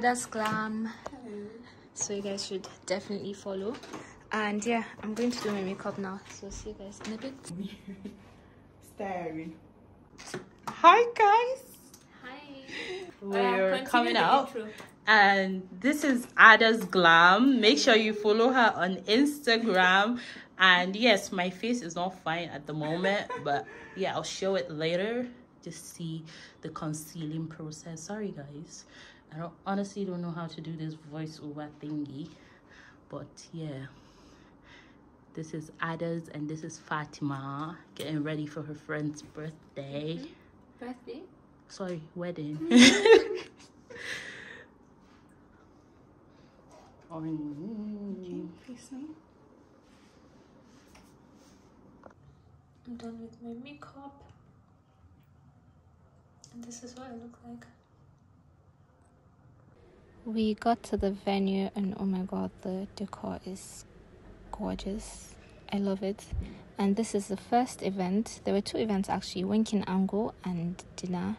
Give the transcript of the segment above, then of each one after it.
Mother's Glam. So you guys should definitely follow. And yeah, I'm going to do my makeup now. So see you guys in a bit. Staring. Hi guys. Hi. We're coming out. And this is Ada's Glam. Make sure you follow her on Instagram. and yes, my face is not fine at the moment, but yeah, I'll show it later. Just see the concealing process. Sorry guys. I don't, honestly don't know how to do this voiceover thingy, but yeah. This is Ada's and this is Fatima getting ready for her friend's birthday. Mm-hmm. Birthday? Sorry, wedding. Mm -hmm. I'm done with my makeup. And this is what I look like. We got to the venue, and oh my god, the decor is gorgeous. I love it. And this is the first event. There were two events actually Winking Angle and Dinner.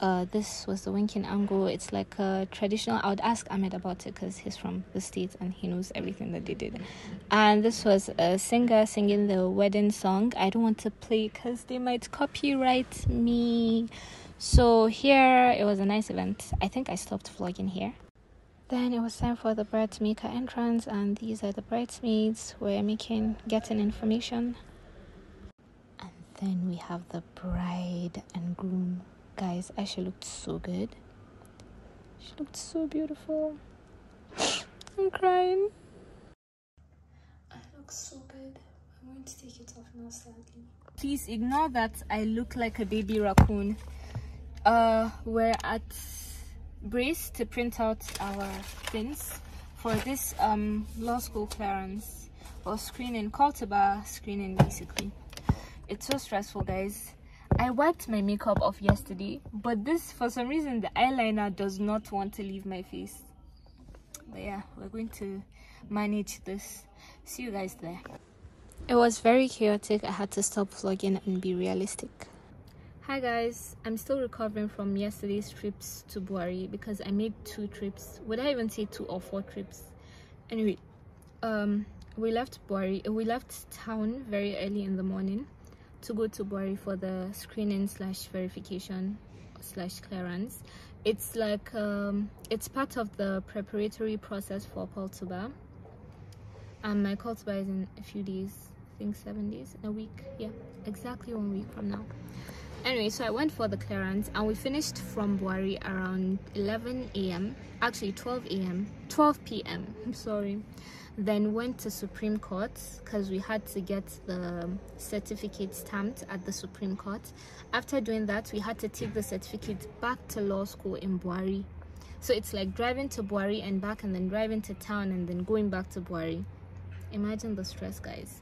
Uh, this was the Winking Angle. It's like a traditional. I would ask Ahmed about it because he's from the States and he knows everything that they did. And this was a singer singing the wedding song. I don't want to play because they might copyright me. So here it was a nice event. I think I stopped vlogging here. Then it was time for the bride to make her entrance, and these are the bridesmaids. We're making getting information, and then we have the bride and groom. Guys, Aisha looked so good. She looked so beautiful. I'm crying. I look so good. I'm going to take it off now, sadly. Please ignore that I look like a baby raccoon. Uh, we're at breeze to print out our pins for this um, law school clearance or screening, cultivar screening basically. It's so stressful guys. I wiped my makeup off yesterday, but this, for some reason, the eyeliner does not want to leave my face. But yeah, we're going to manage this. See you guys there. It was very chaotic. I had to stop vlogging and be realistic hi guys i'm still recovering from yesterday's trips to buari because i made two trips would i even say two or four trips anyway um we left buari uh, we left town very early in the morning to go to buari for the screening slash verification slash clearance it's like um it's part of the preparatory process for cultivar and um, my cultivar is in a few days i think seven days in a week yeah exactly one week from now anyway so i went for the clearance and we finished from Buari around 11 a.m actually 12 a.m 12 p.m i'm sorry then went to supreme court because we had to get the certificate stamped at the supreme court after doing that we had to take the certificate back to law school in Buari. so it's like driving to Buari and back and then driving to town and then going back to Buari. imagine the stress guys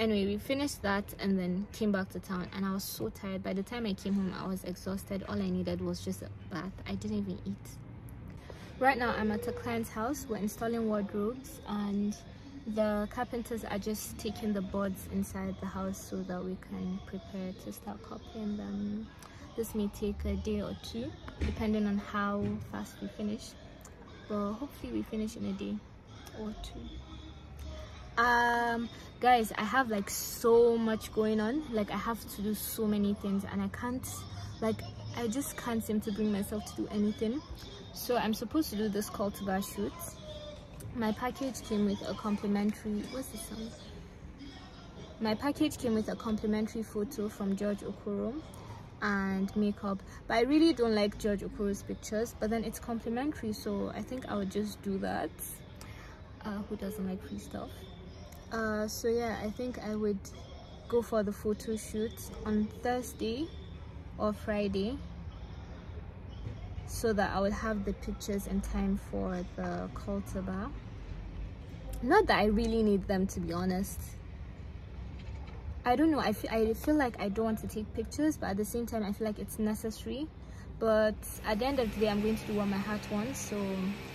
anyway we finished that and then came back to town and i was so tired by the time i came home i was exhausted all i needed was just a bath i didn't even eat right now i'm at a client's house we're installing wardrobes and the carpenters are just taking the boards inside the house so that we can prepare to start copying them this may take a day or two depending on how fast we finish but hopefully we finish in a day or two um guys i have like so much going on like i have to do so many things and i can't like i just can't seem to bring myself to do anything so i'm supposed to do this call to buy shoot my package came with a complimentary what's the song my package came with a complimentary photo from george okoro and makeup but i really don't like george okoro's pictures but then it's complimentary so i think i would just do that uh, who doesn't like free stuff uh, so yeah i think i would go for the photo shoot on thursday or friday so that i would have the pictures in time for the cultivar not that i really need them to be honest i don't know i feel i feel like i don't want to take pictures but at the same time i feel like it's necessary but at the end of the day i'm going to do what my heart wants so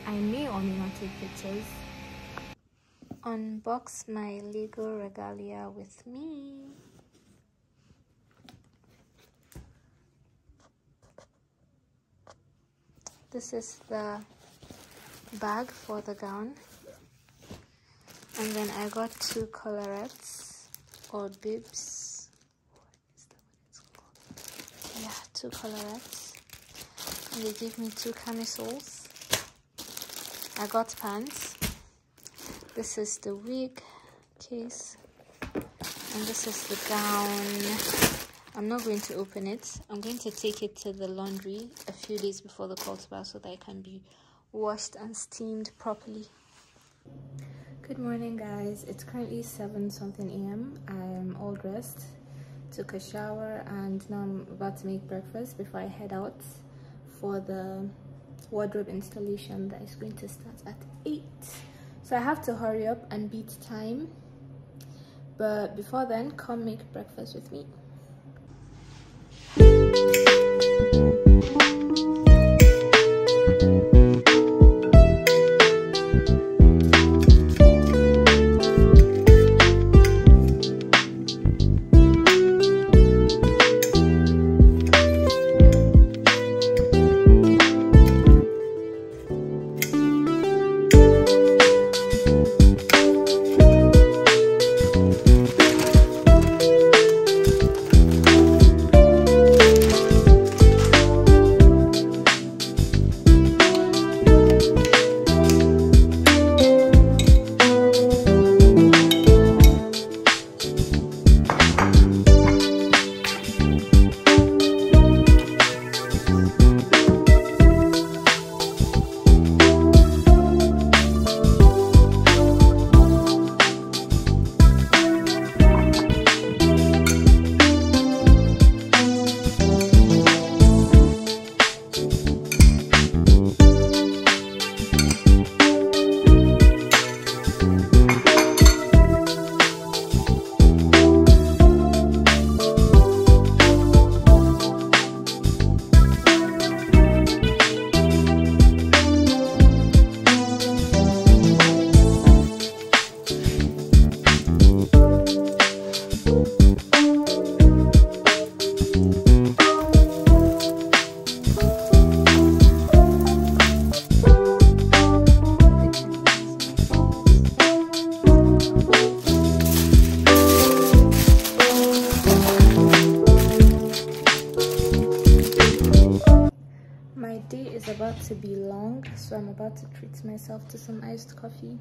i may or may not take pictures unbox my Lego regalia with me. This is the bag for the gown. And then I got two colorettes or bibs. Yeah, two colorettes. And they gave me two camisoles. I got pants. This is the wig case. And this is the gown. I'm not going to open it. I'm going to take it to the laundry a few days before the cult so that it can be washed and steamed properly. Good morning guys. It's currently 7 something am. I'm all dressed. Took a shower and now I'm about to make breakfast before I head out for the wardrobe installation that is going to start at 8. So I have to hurry up and beat time. But before then, come make breakfast with me. to be long so i'm about to treat myself to some iced coffee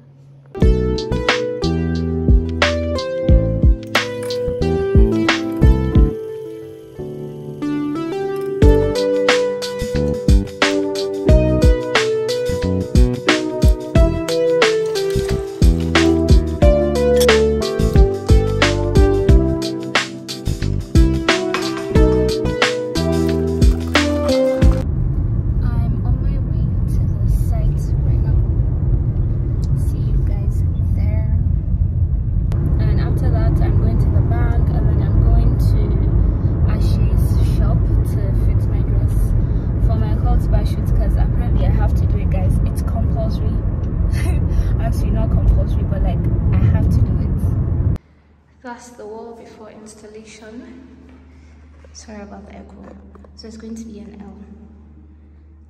sorry about the echo. So it's going to be an L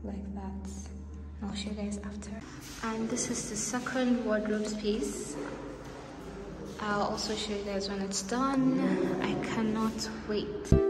like that. I'll show you guys after. And this is the second wardrobe piece. I'll also show you guys when it's done. I cannot wait.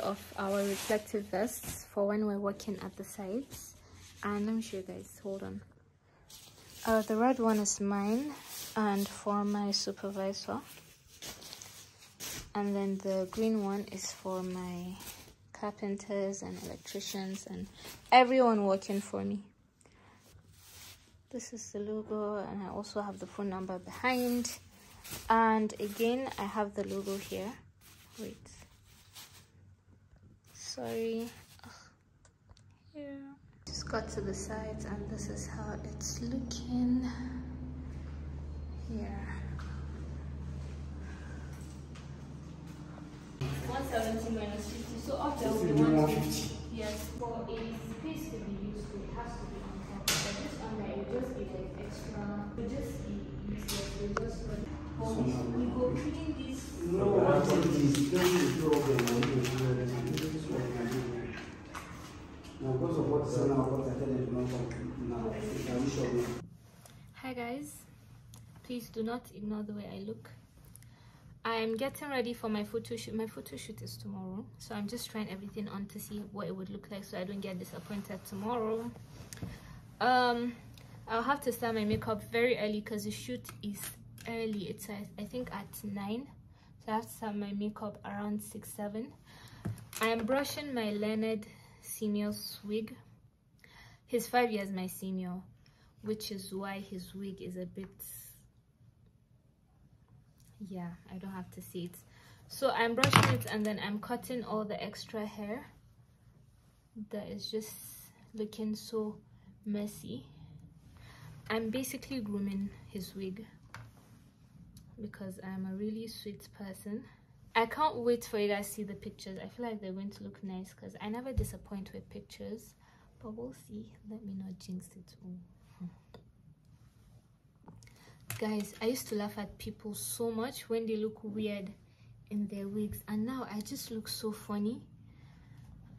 of our reflective vests for when we're working at the sides and let me show you guys hold on uh, the red one is mine and for my supervisor and then the green one is for my carpenters and electricians and everyone working for me this is the logo and i also have the phone number behind and again i have the logo here wait sorry yeah just got to the sides and this is how it's looking yeah 170 minus 50 so after we yes for a space to be useful it has to be on top but this under it will just be like extra it will just be useless it will just like we go clean this no, no. Hi, guys. Please do not ignore the way I look. I'm getting ready for my photo shoot. My photo shoot is tomorrow, so I'm just trying everything on to see what it would look like so I don't get disappointed tomorrow. Um, I'll have to start my makeup very early because the shoot is early. It's uh, I think at nine, so I have to start my makeup around six seven. I am brushing my Leonard senior wig. He's five years my senior, which is why his wig is a bit, yeah, I don't have to see it. So I'm brushing it and then I'm cutting all the extra hair that is just looking so messy. I'm basically grooming his wig because I'm a really sweet person. I can't wait for you guys to see the pictures. I feel like they're going to look nice because I never disappoint with pictures. But we'll see. Let me not jinx it. all. Hmm. Guys, I used to laugh at people so much when they look weird in their wigs. And now I just look so funny.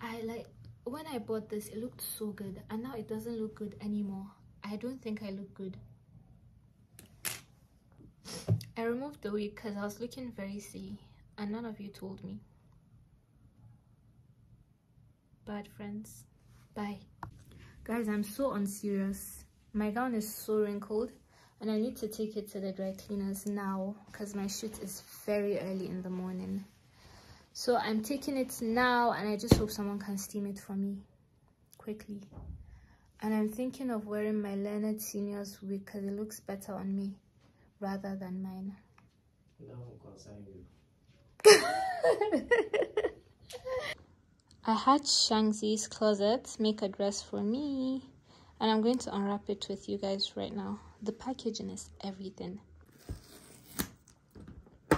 I like, when I bought this, it looked so good. And now it doesn't look good anymore. I don't think I look good. I removed the wig because I was looking very silly and none of you told me. Bad friends. Bye. Guys, I'm so unserious. My gown is so wrinkled and I need to take it to the dry cleaners now because my shoot is very early in the morning. So I'm taking it now and I just hope someone can steam it for me quickly. And I'm thinking of wearing my Leonard Senior's wig because it looks better on me rather than mine. you. I had Shangzi's closet make a dress for me and I'm going to unwrap it with you guys right now. The packaging is everything. I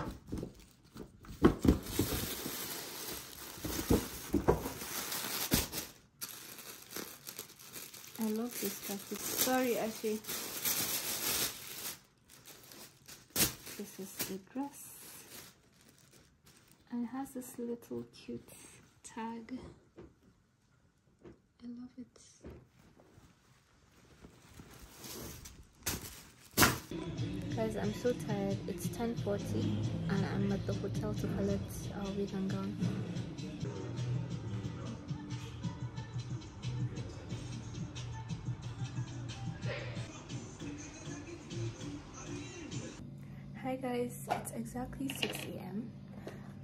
love this package. Sorry, Ashley. This is the dress and has this little cute tag I love it guys I'm so tired it's 10:40, and I'm at the hotel to collect our vegan gown Hi guys, it's exactly 6 a.m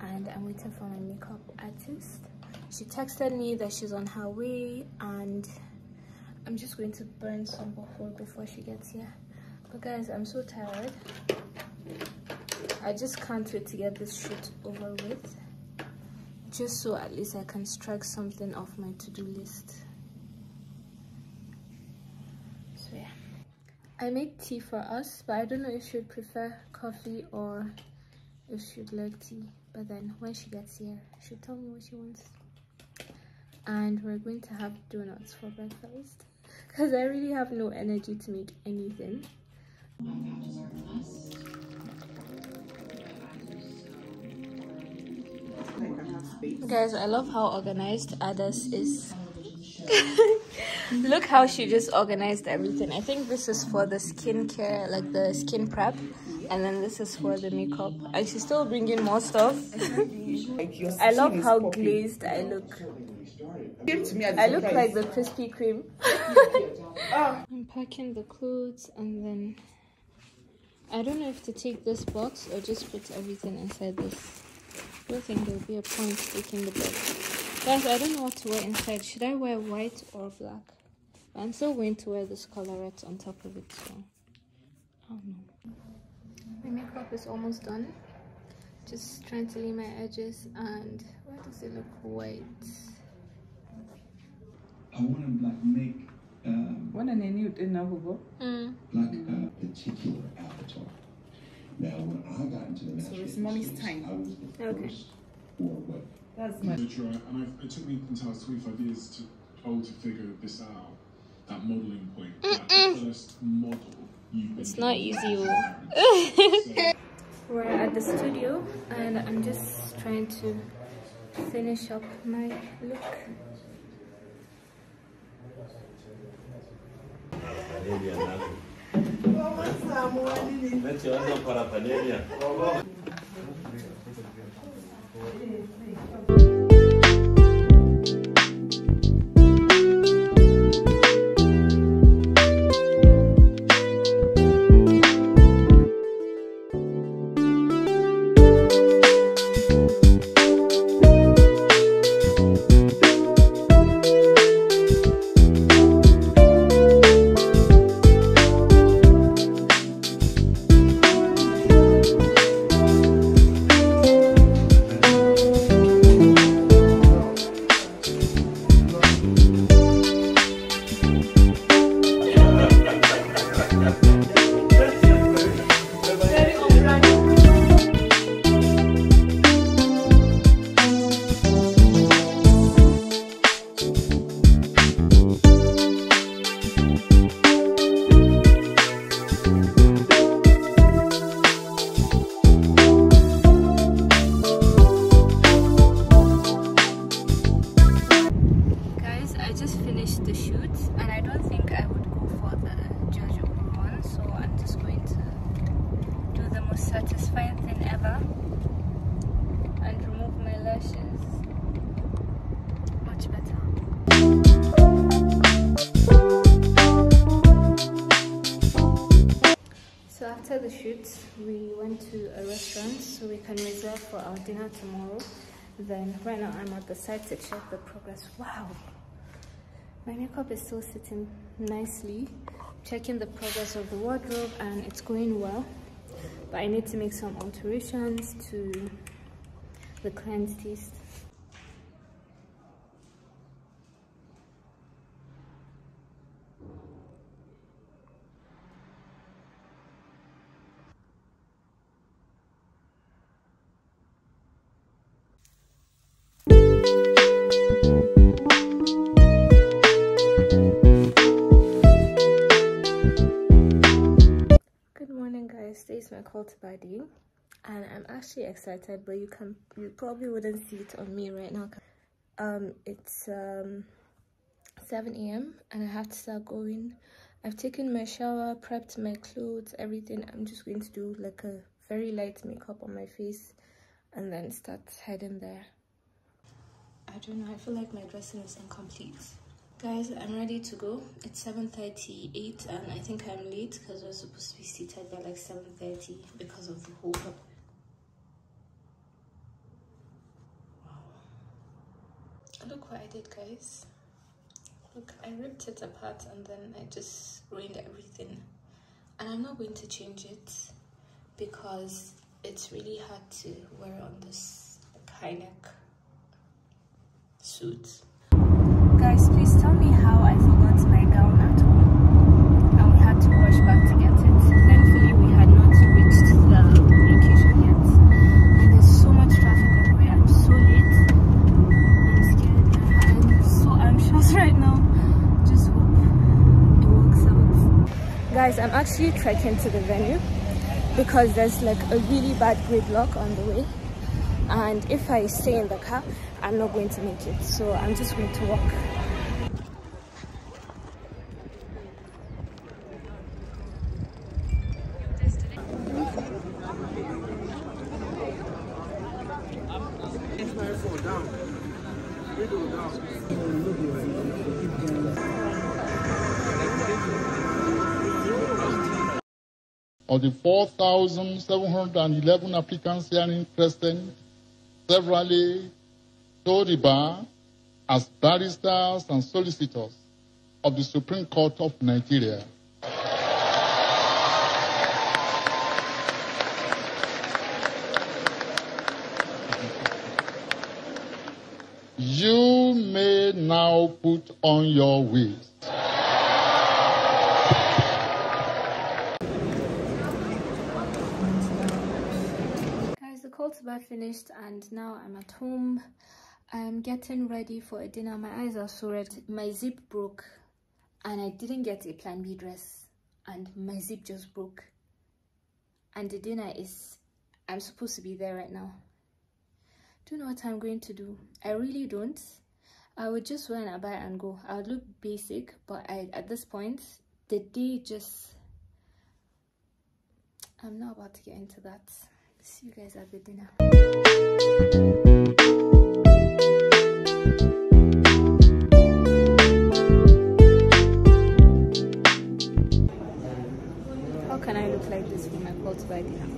and I'm waiting for my makeup artist. She texted me that she's on her way and I'm just going to burn some buffalo before she gets here. But guys, I'm so tired. I just can't wait to get this shoot over with. Just so at least I can strike something off my to-do list. So yeah. I made tea for us, but I don't know if you'd prefer coffee or if you'd like tea but then when she gets here she'll tell me what she wants and we're going to have donuts for breakfast because i really have no energy to make anything guys i love how organized adas is look how she just organized everything i think this is for the skincare like the skin prep and then this is for the makeup and she's still bringing more stuff i love how glazed i look i look like the krispy kreme ah. i'm packing the clothes and then i don't know if to take this box or just put everything inside this i don't think there'll be a point taking the box guys i don't know what to wear inside should i wear white or black i'm still going to wear this colorette on top of it so i don't know my makeup is almost done just trying to lay my edges and why does it look white i want to like make um when an new hugo mm. like a uh, particular avatar now when i got into the so it's mommy's time the okay. that's my and I, it took me until 25 years to hold oh, to figure this out that modeling point mm -mm. that first model it's not easy. We're at the studio and I'm just trying to finish up my look. Let your other can reserve for our dinner tomorrow. Then right now I'm at the site to check the progress. Wow, my makeup is still sitting nicely. Checking the progress of the wardrobe and it's going well. But I need to make some alterations to the client's taste. travel to Bali and I'm actually excited but you can you probably wouldn't see it on me right now um it's um 7 a.m and I have to start going I've taken my shower prepped my clothes everything I'm just going to do like a very light makeup on my face and then start heading there I don't know I feel like my dressing is incomplete guys i'm ready to go it's 7:38, and i think i'm late because we're supposed to be seated by like 7:30 because of the whole wow. look what i did guys look i ripped it apart and then i just ruined everything and i'm not going to change it because it's really hard to wear on this high neck suit I'm actually trekking to the venue because there's like a really bad gridlock on the way and if I stay in the car I'm not going to make it so I'm just going to walk Down. Down. Of the 4,711 applicants hearing present, severally to the bar as barristers and solicitors of the Supreme Court of Nigeria. you may now put on your wigs. finished and now I'm at home. I'm getting ready for a dinner. My eyes are so red. My zip broke and I didn't get a plan B dress and my zip just broke. And the dinner is, I'm supposed to be there right now. Don't know what I'm going to do. I really don't. I would just wear an abaya and go. I would look basic, but I, at this point, the day just I'm not about to get into that. See you guys at the dinner. How can I look like this for my clothes by dinner.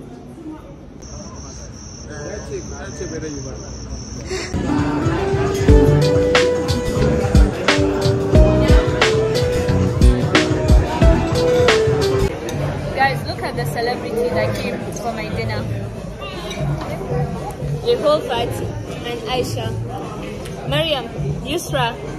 Yehovat, and Aisha. Maryam, Yusra,